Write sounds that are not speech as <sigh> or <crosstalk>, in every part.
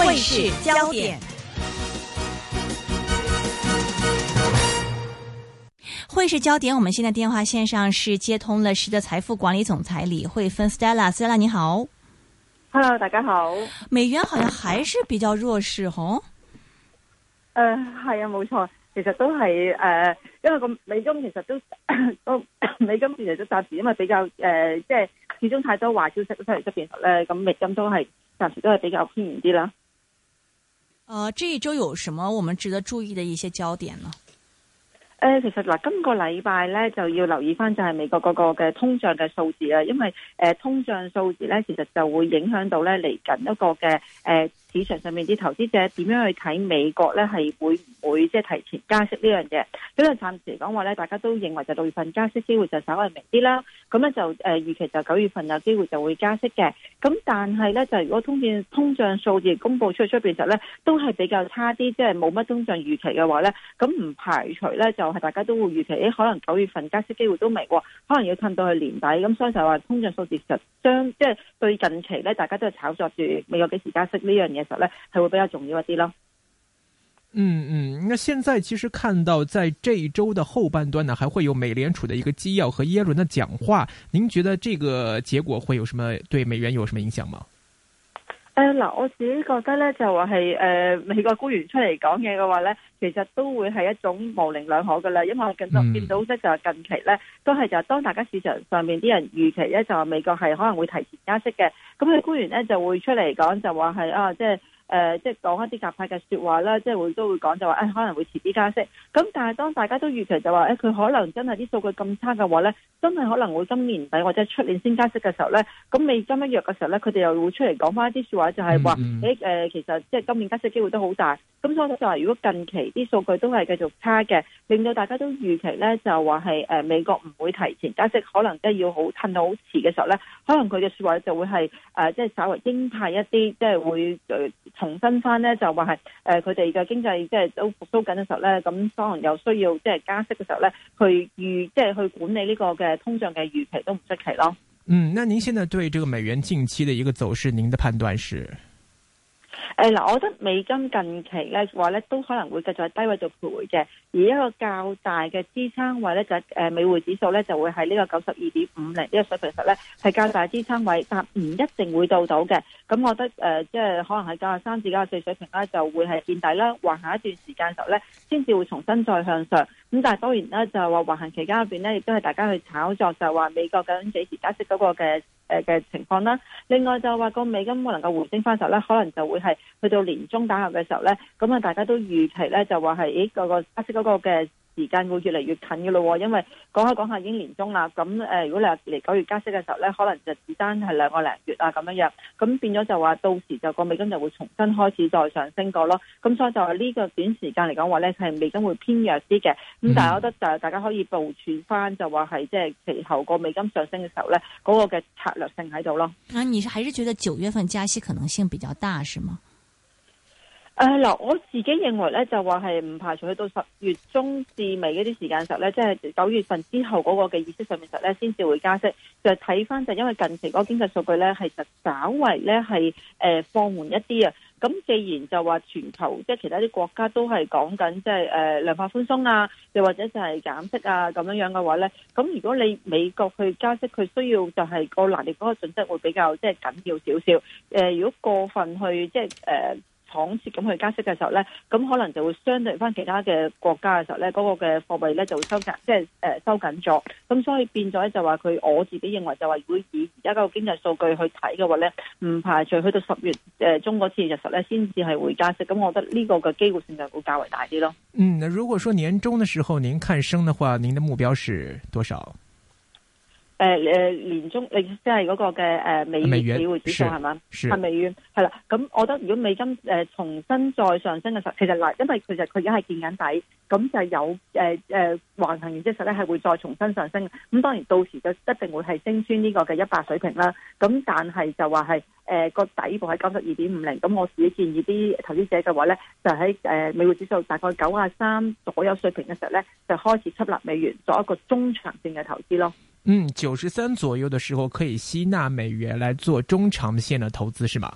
匯市焦點？匯市焦點？我們現在電話線上是接通了，是的，財富管理總裁李慧芬 St Stella，Stella 你好。Hello，大家好。美元好像還是比較弱勢，吼、哦？呃，係啊，冇錯，其實都係誒、呃，因為個美金其實都，呃、實都、呃，美金其實都暫時，因為比較誒、呃，即係始終太多壞消息出嚟出邊咧，咁、呃、美金都係暫時都係比較偏軟啲啦。呃，這一周有什麼我們值得注意的一些焦點呢？誒、呃，其實嗱，今個禮拜咧就要留意翻，就係美國嗰個嘅通脹嘅數字啊。因為誒、呃、通脹數字咧，其實就會影響到咧嚟緊一個嘅誒。呃市場上面啲投資者點樣去睇美國咧？係會唔會即係提前加息呢樣嘢？因為暫時嚟講話咧，大家都認為就六月份加息機會就稍微微啲啦。咁咧就誒、呃、預期就九月份有機會就會加息嘅。咁但係咧就如果通脹通脹數字公布出去出邊時候咧，都係比較差啲，即係冇乜通脹預期嘅話咧，咁唔排除咧就係、是、大家都會預期誒、欸、可能九月份加息機會都未喎，可能要褪到去年底。咁所以就話通脹數字實將即係、就是、對近期咧，大家都係炒作住美國幾時加息呢樣嘢。其實咧係會比較重要一啲咯。嗯嗯，那現在其實看到在這一周的後半段呢，還會有美聯儲的一個基調和耶倫的講話，您覺得這個結果會有什麼對美元有什麼影響嗎？誒、嗱、呃，我自己覺得咧，就話係誒，美國官員出嚟講嘢嘅話咧，其實都會係一種模棱兩可嘅啦。因為我近日見到咧，嗯、到就近期咧，都係就係當大家市場上面啲人預期咧，就話美國係可能會提前加息嘅，咁佢官員咧就會出嚟講、就係啊，就話係啊，即係。誒、呃，即係講一啲鴿派嘅說話啦，即係會都會講就話、哎、可能會遲啲加息。咁但係當大家都預期就話佢、哎、可能真係啲數據咁差嘅話咧，真係可能會今年底或者出年先加息嘅時候咧，咁美金一弱嘅時候咧，佢哋又會出嚟講翻一啲說話，就係話誒其實即係今年加息機會都好大。咁所以我就話，如果近期啲數據都係繼續差嘅，令到大家都預期咧，就話係、呃、美國唔會提前加息，可能係要好褪到好遲嘅時候咧，可能佢嘅說話就會係、呃、即係稍微鷹派一啲，即係會、呃重新翻咧就話係誒，佢哋嘅經濟即係都復蘇緊嘅時候咧，咁當然有需要即係加息嘅時候咧，佢預即係去管理呢個嘅通脹嘅預期都唔出奇咯。嗯，那您現在對這個美元近期的一個走勢，您的判斷是？誒嗱，我覺得美金近期咧話咧都可能會繼續喺低位度徘徊嘅，而一個較大嘅支撐位咧就係誒美匯指數咧就會喺呢個九十二點五零呢個水平實咧係較大支撐位，但唔一定會到到嘅。咁我覺得誒即係可能係九十三至九十四水平咧就會係見底啦，橫行一段時間就咧先至會重新再向上。咁但係當然呢，就係話橫行期間入面咧亦都係大家去炒作就係話美國究竟幾時加息嗰個嘅。誒嘅情況啦，另外就話個美金冇能夠回升返時候咧，可能就會係去到年中打壓嘅時候咧，咁啊大家都預期咧就話係，咦、嗰個、嗰個黑色嗰個嘅。時間會越嚟越近嘅咯，因為講下講下已經年終啦。咁誒、呃，如果你話嚟九月加息嘅時候咧，可能就只單係兩個零月啊咁樣樣。咁變咗就話到時就個美金就會重新開始再上升過咯。咁所以就話呢個短時間嚟講話咧係美金會偏弱啲嘅。咁但係我覺得就大家可以部署翻，就話係即係其後個美金上升嘅時候咧，嗰、那個嘅策略性喺度咯。啊，你還是覺得九月份加息可能性比較大，是嗎？誒，嗱、啊，我自己認為咧，就話係唔排除去到十月中至尾嗰啲時間實咧，即係九月份之後嗰個嘅意識上面實咧，先至會加息。就睇翻就因為近期嗰經濟數據咧係實稍微咧係、呃、放緩一啲啊。咁既然就話全球即係、就是、其他啲國家都係講緊即係誒量化寬鬆啊，又或者就係減息啊咁樣樣嘅話咧，咁如果你美國去加息，佢需要就係個難度嗰個準則會比較即係、就是、緊要少少。誒、呃，如果過分去即係誒。就是呃緩蝕咁去加息嘅時候咧，咁可能就會相對翻其他嘅國家嘅時候咧，嗰個嘅貨幣咧就會收緊，即係誒收緊咗。咁所以變咗咧就話佢，我自己認為就話如果以而家個經濟數據去睇嘅話咧，唔排除去到十月誒中嗰次入實咧，先至係會加息。咁我覺得呢個嘅機會性就會較為大啲咯。嗯，那如果說年中嘅時候您看升嘅話，您的目標是多少？誒、呃、年中，你即係嗰個嘅、呃、美，美元美匯指數係嘛？係美元係啦，咁我覺得如果美金誒、呃、重新再上升嘅時候，其實嗱，因為其實佢而家係見緊底，咁就有誒誒、呃呃、橫行完之後咧，係會再重新上升。咁當然到時就一定會係升穿呢個嘅一百水平啦。咁但係就話係誒個底部喺九十二點五零，咁我自己建議啲投資者嘅話咧，就喺誒、呃、美匯指數大概九廿三左右水平嘅時候咧，就開始吸納美元，作一個中長線嘅投資咯。嗯，九十三左右的時候可以吸納美元來做中長線的投資，是嗎？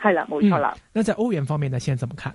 係啦，冇錯啦。那在歐元方面呢？現在怎麼看？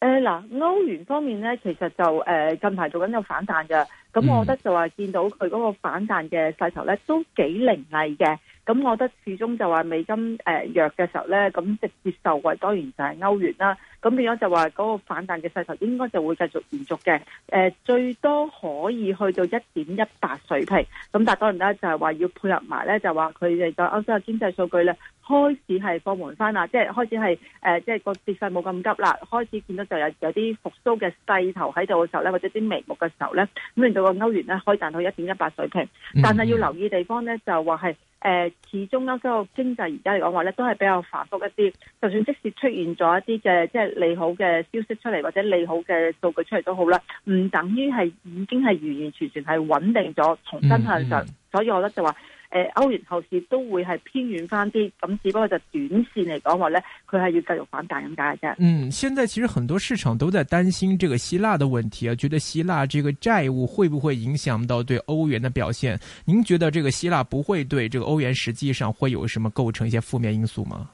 誒嗱，呃、歐元方面呢，其實就誒、呃、近排做緊有反彈噶，咁我覺得就話見到佢嗰個反彈嘅勢頭咧，都幾凌厲嘅。咁我覺得始終就話美金誒、呃、弱嘅時候咧，咁直接受惠當然就係歐元啦。咁變咗就話嗰個反彈嘅勢頭應該就會繼續延續嘅。誒、呃、最多可以去到一點一八水平。咁但係當然啦，就係、是、話要配合埋咧，就話佢哋個歐洲嘅經濟數據咧開始係放緩翻啦，即係開始係誒即係個跌勢冇咁急啦，開始見、呃、到就有有啲復甦嘅勢頭喺度嘅時候咧，或者啲眉目嘅時候咧，咁令到個歐元咧可以彈到一點一八水平。但係要留意地方咧，就話係。誒、呃，始終呢，歐洲，這個，經濟而家嚟講話咧，都係比較繁複一啲。就算即使出現咗一啲嘅即係利好嘅消息出嚟，或者利好嘅數據出嚟都好啦，唔等於係已經係完完全全係穩定咗，重新向上，嗯嗯、所以我覺得就話。誒，歐元後市都會係偏軟翻啲，咁只不過就短線嚟講話呢，佢係要繼續反彈咁解嘅啫。嗯，現在其實很多市場都在擔心這個希臘的問題啊，覺得希臘這個債務會不會影響到對歐元的表現？您覺得這個希臘不會對這個歐元實際上會有什麼構成一些負面因素嗎？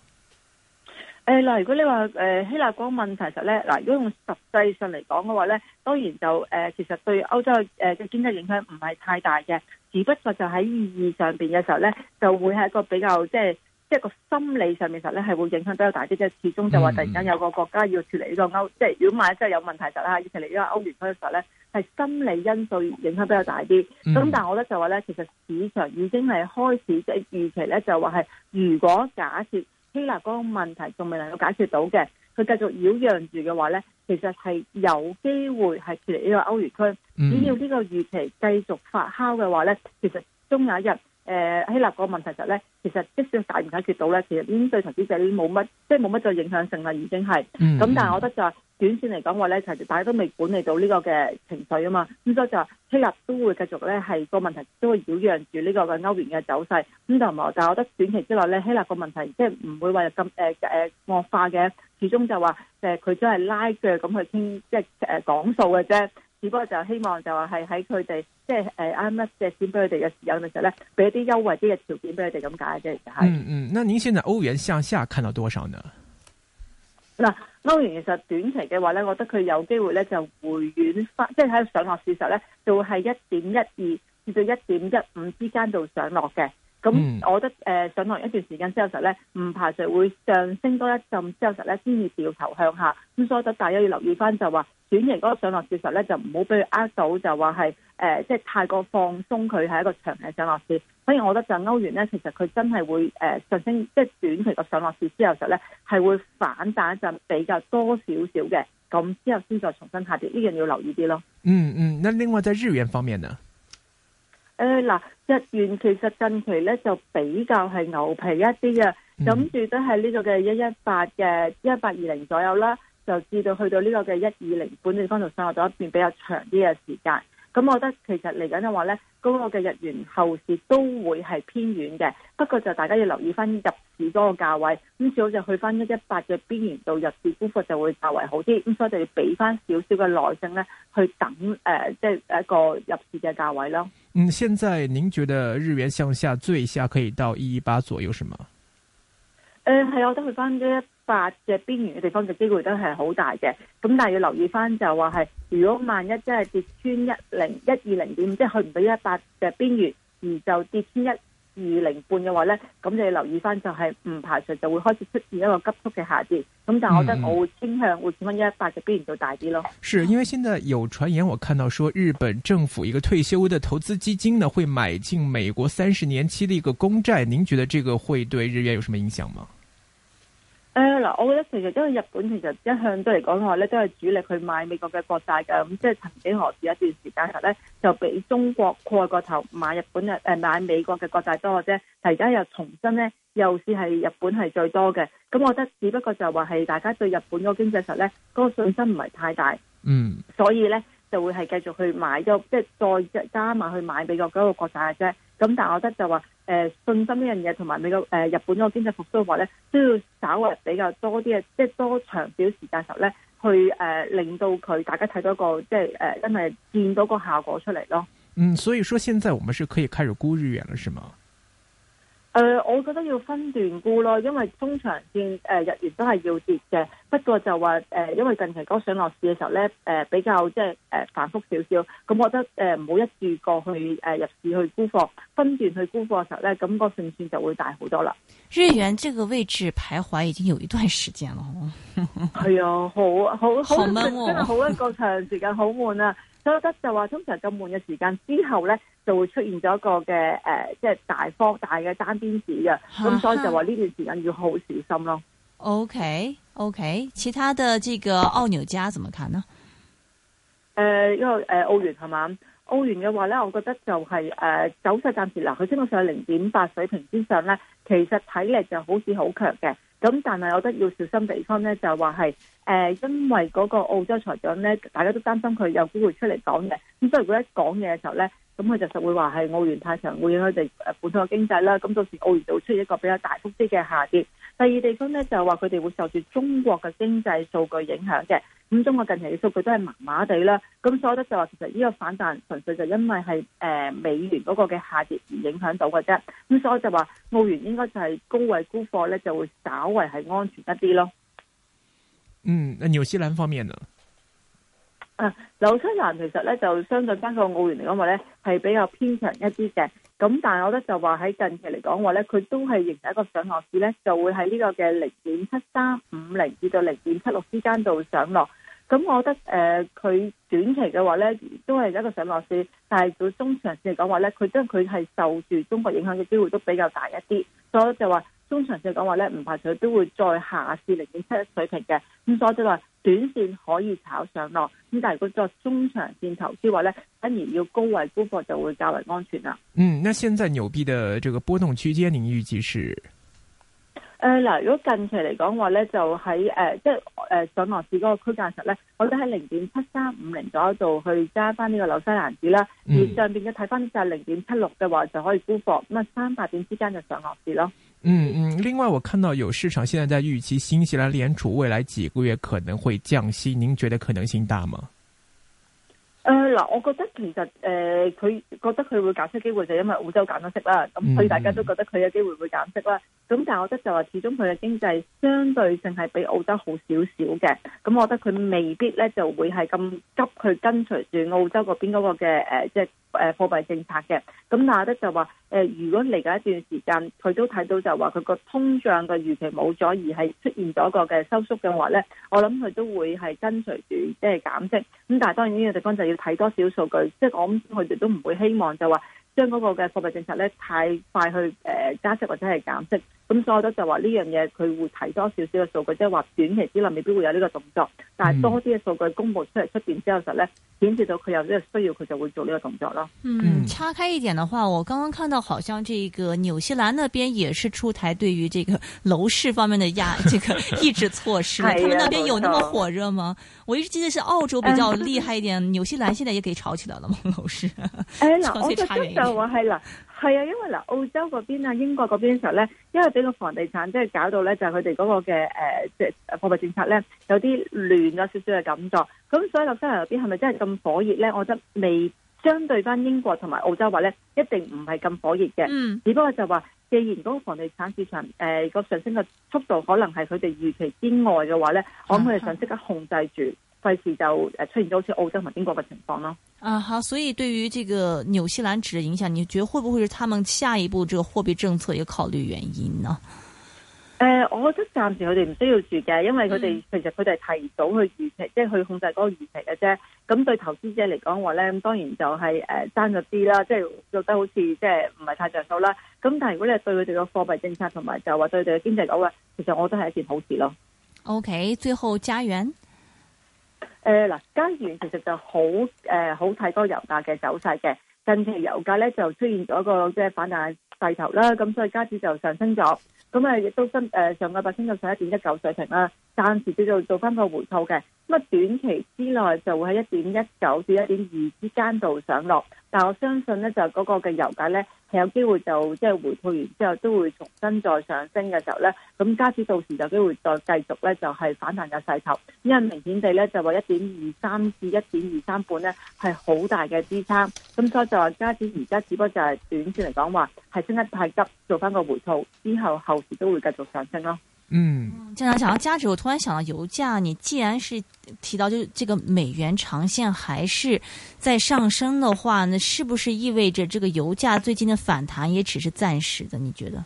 誒嗱，如果你話誒希臘嗰個問題，其實咧嗱，如果用實際上嚟講嘅話咧，當然就誒其實對歐洲誒嘅經濟影響唔係太大嘅，只不過就喺意義上邊嘅時候咧，就會係一個比較即係即係個心理上面實咧係會影響比較大啲，即係始終就話突然間有個國家要處理呢個歐，嗯、即係如果萬一真係有問題實咧，要處理呢個歐元區嘅時候咧，係心理因素影響比較大啲。咁、嗯、但係我覺得就話咧，其實市場已經係開始即係預期咧，就話係如果假設。希臘嗰個問題仲未能夠解決到嘅，佢繼續擾攘住嘅話咧，其實係有機會係脫離呢個歐元區。只要呢個預期繼續發酵嘅話咧，其實終有一日。誒、呃，希臘個問題就係咧，其實即使解唔解決到咧，其實已經對投資者冇乜，即係冇乜再影響性啦，已經係。咁、mm hmm. 但係我覺得就係短綫嚟講，話咧其實大家都未管理到呢個嘅情緒啊嘛，咁所以就希臘都會繼續咧係個問題都會擾攘住呢個嘅歐元嘅走勢。咁同埋就係我覺得短期之內咧希臘個問題即係唔會話咁誒誒惡化嘅，始終就話誒佢都係拉鋸咁去傾，即係誒講數嘅啫。呃只不過就希望就話係喺佢哋即係誒啱 m 借錢俾佢哋嘅時候嘅時候咧，俾啲優惠啲嘅條件俾佢哋咁解嘅啫，就係、是。嗯嗯，那你現在歐元向下看到多少呢？嗱，歐元其實短期嘅話咧，我覺得佢有機會咧就回軟翻，即係喺上落市時候咧，就喺一點一二至到一點一五之間度上落嘅。咁，嗯、我覺得誒上落一段時間之後，呢咧唔排除會上升多一陣之後，呢咧先至掉頭向下。咁所以大家要留意翻，就話短期嗰個上落市呢咧，就唔好俾佢呃到，就話係、呃、即係太過放鬆佢係一個長期上落市。所以我覺得就歐元咧，其實佢真係會誒上升，即係短期個上落市之後實咧，係會反彈一陣比較多少少嘅，咁之後先再重新下跌。呢樣要留意啲咯。嗯嗯，那另外在日元方面呢？誒，嗱、哎，日元其實近期咧就比較係牛皮一啲嘅，咁住都係呢個嘅一一八嘅一八二零左右啦，就至到去到呢個嘅一二零，本地方度上落咗一段比較長啲嘅時間。咁我覺得其實嚟緊嘅話咧，嗰、那個嘅日元後市都會係偏軟嘅，不過就大家要留意翻入市嗰個價位，咁最好就去翻一一八嘅邊緣度入市沽貨就會較為好啲，咁所以就要俾翻少少嘅耐性咧，去等誒、呃，即係一個入市嘅價位咯。嗯，現在您覺得日元向下最下可以到一一八左右是什麼，是嗎？誒，係，我覺得去翻一一八嘅邊緣嘅地方嘅機會都係好大嘅，咁但係要留意翻就話係。如果萬一真係跌穿一零一二零點，即、就、係、是、去唔到一百嘅邊緣，而就跌穿一二零半嘅話咧，咁你留意翻就係唔排除就會開始出現一個急速嘅下跌。咁但係我覺得我會傾向會企翻一百嘅邊緣度大啲咯、嗯。是因為現在有傳言我看到說日本政府一個退休嘅投資基金呢會買進美國三十年期嘅一個公債，您覺得這個會對日元有什麼影響嗎？誒，嗱，我覺得其實因為日本其實一向對嚟講話咧，都係主力去買美國嘅國債㗎，咁即係曾經何時一段時間入咧，就畀中國蓋過頭買日本嘅，誒買美國嘅國債多嘅啫，但係而家又重新咧，又試係日本係最多嘅，咁我覺得只不過就係話係大家對日本嗰經濟實咧，嗰個信心唔係太大，嗯，所以咧。就會係繼續去買，即係再加埋去買美國嗰個國債嘅啫。咁但係我覺得就話，誒、呃，信心呢樣嘢同埋美國誒、呃、日本嗰個經濟復蘇嘅話咧，都要稍微比較多啲嘅，即係多長少時間時候咧，去誒、呃、令到佢大家睇到一個即係誒真係見到個效果出嚟咯。嗯，所以說現在我們是可以開始沽日元了，是嗎？誒、呃，我覺得要分段沽咯，因為中長線誒、呃、日元都係要跌嘅。不過就話誒、呃，因為近期嗰上落市嘅時候咧，誒、呃、比較即係誒反覆少少，咁、嗯、我覺得誒唔好一次過去誒、呃、入市去沽貨，分段去沽貨嘅時候咧，咁、嗯，那個勝算就會大好多啦。日元這個位置徘徊已經有一段時間啦，係 <laughs> 啊、哎，好好好，好好哦、真係好一個長時間，好悶啊！所以我覺得就話通常咁悶嘅時間之後咧，就會出現咗一個嘅誒，即、呃、係、就是、大幅大嘅單邊市嘅，咁哈所以就話呢段時間要好小心咯。OK OK，其他的這個澳紐加怎麼看呢？誒、呃，因為誒澳元係嘛，澳元嘅話咧，我覺得就係、是、誒、呃、走勢暫時嗱，佢、呃、升到上去零點八水平之上咧，其實體力就好似好強嘅。咁但係我覺得要小心地方咧，就係話係誒，因為嗰個澳洲財長咧，大家都擔心佢有機會出嚟講嘅。咁所以如果一講嘢嘅時候咧，咁佢就實會話係澳元太長會影響佢哋本土經濟啦。咁到時澳元出現一個比較大幅啲嘅下跌。第二地方咧，就係話佢哋會受住中國嘅經濟數據影響嘅，咁中國近期嘅數據都係麻麻地啦，咁所以咧就話其實呢個反彈純粹就因為係誒美元嗰個嘅下跌，而影響到嘅啫，咁所以就話澳元應該就係高位沽貨咧就會稍為係安全一啲咯。嗯，那紐西蘭方面呢？啊，紐西蘭其實咧就相對翻個澳元嚟講話咧係比較偏強一啲嘅。咁但係我覺得就話喺近期嚟講話咧，佢都係仍係一個上落市咧，就會喺呢個嘅零點七三五零至到零點七六之間度上落。咁我覺得佢、呃、短期嘅話咧都係一個上落市，但係佢中長線嚟講話咧，佢即係佢係受住中國影響嘅機會都比較大一啲，所以就話。中長線講話咧，唔排除都會再下試零點七一水平嘅。咁所以話短線可以炒上落，咁但係如果作中長線投資話咧，反而要高位沽貨就會較為安全啦。嗯，那現在紐幣嘅這個波動區間，你預計是？誒嗱、呃，如果近期嚟講話咧，就喺誒即係誒上落市嗰個區間上咧，我哋喺零點七三五零左右度去揸翻呢個紐西蘭紙啦。而上邊嘅睇翻就係零點七六嘅話，就可以沽貨。咁啊、嗯，三百點之間就上落市咯。嗯嗯，另外，我看到有市場現在在預期新西蘭聯儲未來幾個月可能會降息，您覺得可能性大嗎？嗯。嗱，我覺得其實誒，佢、呃、覺得佢會減息機會，就因為澳洲減咗息啦，咁所以大家都覺得佢有機會會減息啦。咁、嗯、但係我覺得就話始終佢嘅經濟相對性係比澳洲好少少嘅，咁我覺得佢未必咧就會係咁急去跟隨住澳洲嗰邊嗰個嘅誒，即係誒貨幣政策嘅。咁但我覺得就話誒、呃，如果嚟緊一段時間佢都睇到就話佢個通脹嘅預期冇咗，而係出現咗一個嘅收縮嘅話咧，我諗佢都會係跟隨住即係減息。咁但係當然呢個地方就要睇多少數據，即係我諗佢哋都唔會希望就話將嗰個嘅貨幣政策咧太快去誒加息或者係減息。咁所以就話呢樣嘢佢會提多少少嘅數據，即係話短期之內未必會有呢個動作，但係多啲嘅數據公佈出嚟出面之後實咧，顯示到佢有需要，佢就會做呢個動作咯。嗯，岔開一點的話，我剛剛看到好像這個紐西蘭那邊也是出台對於這個樓市方面的壓，這個抑制措施， <laughs> 哎、呀他們那邊有那麼火熱嗎？我一直記得是澳洲比較厲害一點，嗯、紐西蘭現在也給炒起來了嘛？樓市？哎 <laughs> 嗱， <laughs> <laughs> 我就通常話係啊，因為嗱澳洲嗰邊啊、英國嗰邊嘅時候咧，因為俾個房地產即係、就是、搞到咧，就係佢哋嗰個嘅誒，即係貨幣政策咧有啲亂咗少少嘅感覺。咁所以洛杉磯嗰邊係咪真係咁火熱咧？我覺得未相對翻英國同埋澳洲話咧，一定唔係咁火熱嘅。嗯。只不過就話，既然嗰個房地產市場誒個、呃、上升嘅速度可能係佢哋預期之外嘅話咧，我諗佢哋想即刻控制住。費事就誒出現咗好似澳洲同埋英國嘅情況咯。啊好，所以對於呢個紐西蘭指嘅影響，你覺得會唔會是他們下一步這個貨幣政策要考慮原因呢？誒、呃，我覺得暫時佢哋唔需要住嘅，因為佢哋、嗯、其實佢哋提早去預期，即係去控制嗰個預期嘅啫。咁對投資者嚟講話咧，當然就係誒爭咗啲啦，即係覺得好似即係唔係太着數啦。咁但係如果你對佢哋嘅貨幣政策同埋就話對佢哋嘅經濟嚟講，其實我都係一件好事咯。OK，最後加元。誒嗱，加元、呃、其實就好誒好睇嗰個油價嘅走勢嘅，近期油價咧就出現咗一個即係反彈勢頭啦，咁所以加元就上升咗，咁啊亦都升誒、呃、上個百升到十一點一九水平啦，暫時叫做做翻個回吐嘅，咁啊短期之內就會喺一點一九至一點二之間度上落，但係我相信咧就嗰個嘅油價咧。有機會就即係、就是、回吐完之後都會重新再上升嘅時候咧，咁加指到時就有機會再繼續咧就係、是、反彈嘅勢頭，因為明顯地咧就話一點二三至一點二三半咧係好大嘅支撐，咁所以就話加指而家只不過就係短線嚟講話係升得太急，做翻個回吐之後，後市都會繼續上升咯。嗯，正、嗯、想講到價值，我突然想到油價。你既然是提到，就是這個美元長線還是在上升的話，那是不是意味着這個油價最近的反彈也只是暫時的？你覺得？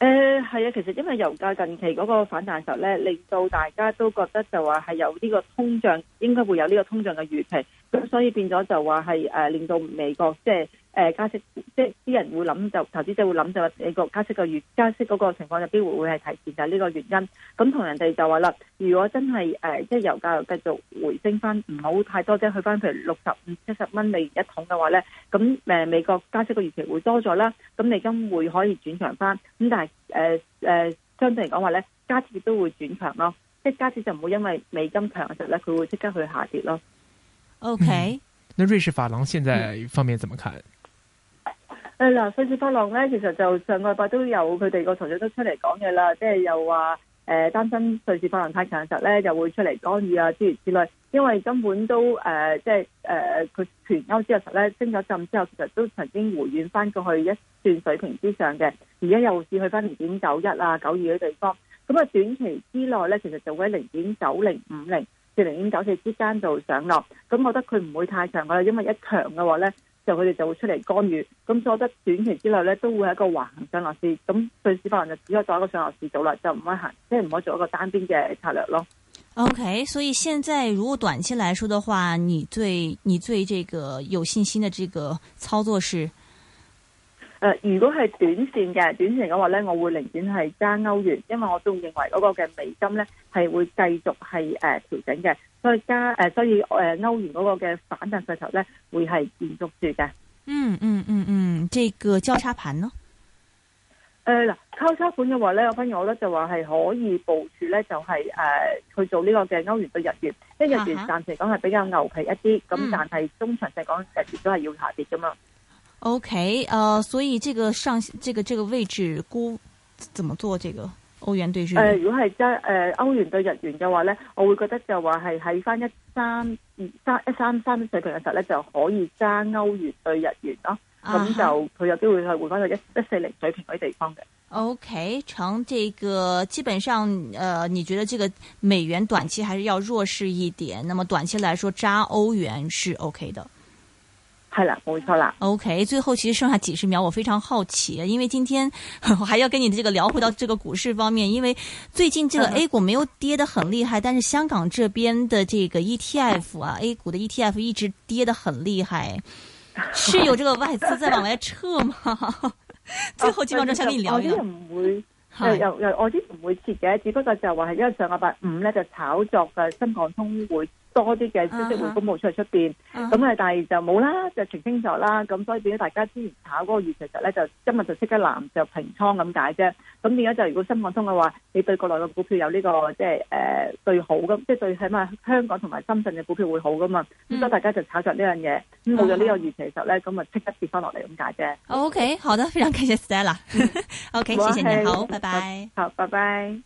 誒，係啊，其實因為油價近期嗰個反彈時候咧，令到大家都覺得就話係有呢個通脹，應該會有呢個通脹嘅預期，咁所以變咗就話係誒令到美國即係。就是誒、呃、加息，即係啲人會諗就投資者會諗就話、呃、美國加息個月加息嗰個情況入邊會會係提示，就係呢個原因。咁同人哋就話啦，如果真係誒即係油價又繼續回升翻，唔好太多即去翻譬如六十五七十蚊美元一桶嘅話咧，咁誒美國加息個預期會多咗啦。咁美金會可以轉強翻，咁但係誒誒相對嚟講話咧，加息亦都會轉強咯。即係加息就唔會因為美金強嘅時候咧，佢會即刻去下跌咯。OK。、嗯、那瑞士法郎現在方面怎麼看？嗯誒嗱，瑞士法郎咧，其實就上個禮拜都有佢哋個財長都出嚟講嘢啦，即係又話誒擔心瑞士法郎太強嘅時候咧，就會出嚟干預啊，諸如此類。因為根本都誒，即係誒，佢，即係誒，全歐之後實咧升咗浸之後，其實都曾經回軟翻過去一段水平之上嘅。而家又試去翻零點九一啊、九二嘅地方。咁啊，短期之內咧，其實就會喺零點九零五零至零點九四之間度上落。咁我覺得佢唔會太強喇，因為一強嘅話咧。就佢哋就會出嚟干預，咁所以我覺得短期之內咧都會係一個橫行上落市，咁對市發行人就只可以做一個上落市做啦，就唔可以行，即係唔可以做一個單邊嘅策略咯。OK，所以現在如果短期來說的話，你最你最這個有信心嘅這個操作是。誒、呃，如果係短線嘅短線嘅話咧，我會寧願係加歐元，因為我都認為嗰個嘅美金咧係會繼續係誒、呃、調整嘅，所以加誒、呃，所以誒、呃、歐元嗰個嘅反彈勢頭咧會係延續住嘅、嗯。嗯嗯嗯嗯，這個交叉盤咯。誒嗱、呃，交叉盤嘅話咧，我反而我覺得就話係可以部署咧、就是，就係誒去做呢個嘅歐元對日元，因為日元暫時講係比較牛皮一啲，咁、啊、哈但係中長線講日元都係要下跌噶嘛。OK，呃，所以這個上這個這個位置估怎麼做？這個歐元兌日元誒、呃，如果係揸誒歐元兌日元嘅話咧，我會覺得就話係喺翻一三二三一三三的水平嘅時候咧，就可以揸歐元兌日元咯、哦。咁、啊、就佢有機會係回翻到一一四零水平啲地方嘅。OK，成，這個基本上，呃，你覺得這個美元短期還是要弱勢一點？那麼短期來說，揸歐元是 OK 的。係啦，冇錯啦。OK，最後其實剩下幾十秒，我非常好奇，因為今天我還要跟你這個聊回到這個股市方面，因為最近這個 A 股沒有跌得很厲害，但是香港這邊的這個 ETF 啊 <laughs> ，A 股的 ETF 一直跌得很厲害，是有這個外資在往外撤嗎？ <laughs> 最後幾秒鐘想跟你聊一聊、哎哎。我啲唔會，又、哎、又、哎、我啲唔會撤嘅，只不過就話係因為上個禮拜五呢，就炒作嘅新港通會。多啲嘅消息會公布出去出邊，咁啊、uh，huh. uh huh. 但係就冇啦，就澄清咗啦，咁所以變咗大家之前炒嗰個預期就咧，就今日就即刻藍就平倉咁解啫。咁變咗就如果深港通嘅話，你對國內嘅股票有呢、這個即係誒最好嘅，即係對起碼香港同埋深圳嘅股票會好噶嘛。咁、嗯、所以大家就炒作呢、uh huh. 樣嘢，咁冇咗呢個預期就咧，咁啊即刻跌翻落嚟咁解啫。OK，好的，非常感謝，謝 <laughs> okay, Stella o k 謝謝你好，拜拜 bye，好，拜拜。